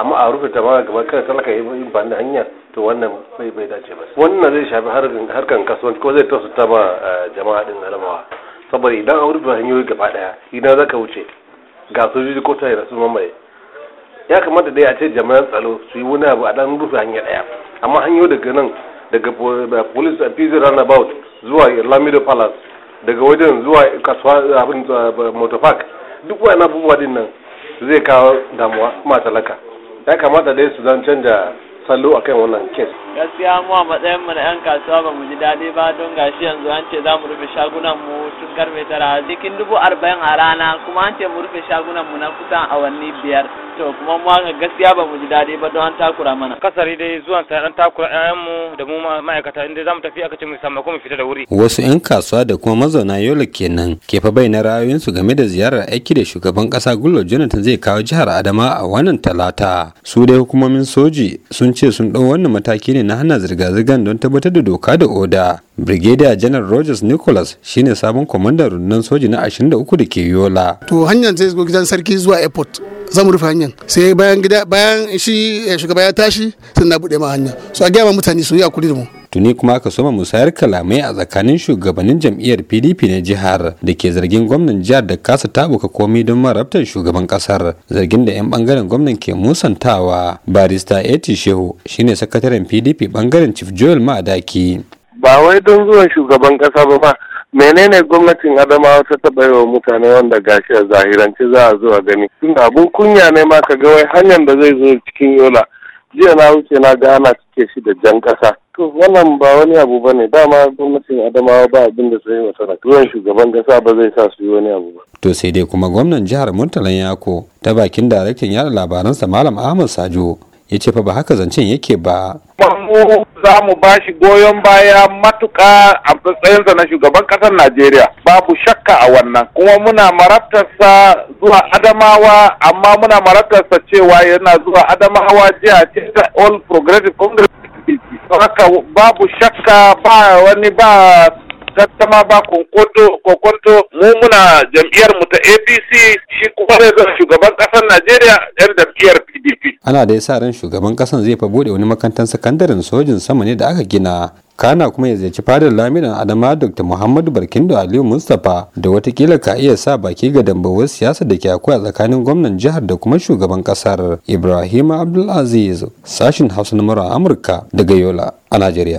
amma a rufe ta ma gaba kada talaka yi ba da hanya to wannan bai bai dace ba wannan zai shafi harkan kasuwanci ko zai ta ma eh, jama'a din alamawa saboda idan an rufe hanyoyi gaba daya idan zaka wuce ga ji ko tare su mamaye ya kamata dai a ce jama'an tsaro su yi wani abu a dan rufe hanya daya amma hanyo daga nan daga police and peace runabout zuwa lamido palace daga wajen zuwa kasuwa abin eh, motor park duk wani abubuwa din nan zai kawo damuwa ma talaka ya kamata dai su zancen da a kan wannan kes gaskiya mu a matsayin mu na yan kasuwa ba mu ji daɗi ba don gashi yanzu an ce za mu rufe shagunan mu tun karfe tara jikin dubu arba'in a rana kuma an ce mu rufe shagunan mu na kusan awanni biyar to kuma ga gaskiya ba mu ji daɗi ba don an takura mana kasari dai zuwan ta an takura ƴaƴanmu da mu ma'aikata inda zamu tafi aka ce mu samu kuma fita da wuri wasu yan kasuwa da kuma mazauna Yola kenan ke fa bayyana su game da ziyarar aiki da shugaban kasa Gullo Jonathan zai kawo jihar Adama a wannan talata su dai hukumomin soji sun ce sun ɗau wannan mataki ne na hana zirga-zirgar don tabbatar da doka da oda Brigadier General Rogers Nicholas shine sabon kwamandan rundunar soji na 23 da ke Yola. To hanyar zai zo gidan sarki zuwa airport za mu rufe hanyar sai bayan gida bayan shi eh, shugaba ya tashi na buɗe ma hanya Su a gaya ma mutane su yi hakuri da mu tuni kuma aka soma musayar kalamai a tsakanin shugabannin jam'iyyar pdp na jihar da ke zargin gwamnan jihar da kasa tabuka komi don marabtar shugaban kasar zargin da 'yan bangaren gwamnan ke musantawa barista eti shehu shine sakataren pdp bangaren chief joel ma'adaki ba wai don zuwan shugaban kasa ba menene gwamnatin adamawa ta taɓa yi wa mutane wanda gashi a zahirance za a zo gani tun abun kunya ne ma ka ga wai hanyar da zai zo cikin yola jiya na wuce na ga ana cike shi da jan ƙasa to wannan ba wani abu ba ne dama gwamnatin adamawa ba abin da sai wa sana ruwan shugaban kasa ba zai sa su yi wani abu ba to sai dai kuma gwamnan jihar murtalan yako ta bakin daraktan yada labaransa malam ahmad sajo ya ce fa ba haka zancen yake ba mu za mu ba shi goyon baya matuka a matsayinsa na shugaban ƙasar Najeriya babu shakka a wannan kuma muna marabtarsa zuwa Adamawa amma muna marabtarsa cewa yana zuwa Adamawa jiya ce ta All Progressive Congress haka babu shakka ba wani ba tattama ba kokonto mu muna jam'iyyar mu ta APC shi kuma zai shugaban ƙasar Najeriya yan jam'iyyar ana da sa ran shugaban kasan zai fa bude wani makantar sakandaren sojin sama ne da aka gina kana kuma ya ziyarci fadar lamiran adama dr muhammadu barkindo aliyu mustapha da watakila ka iya sa baki ga dambawar siyasa da ke akwai a tsakanin gwamnan jihar da kuma shugaban kasar ibrahim abdulaziz sashin hausa na amurka daga yola a najeriya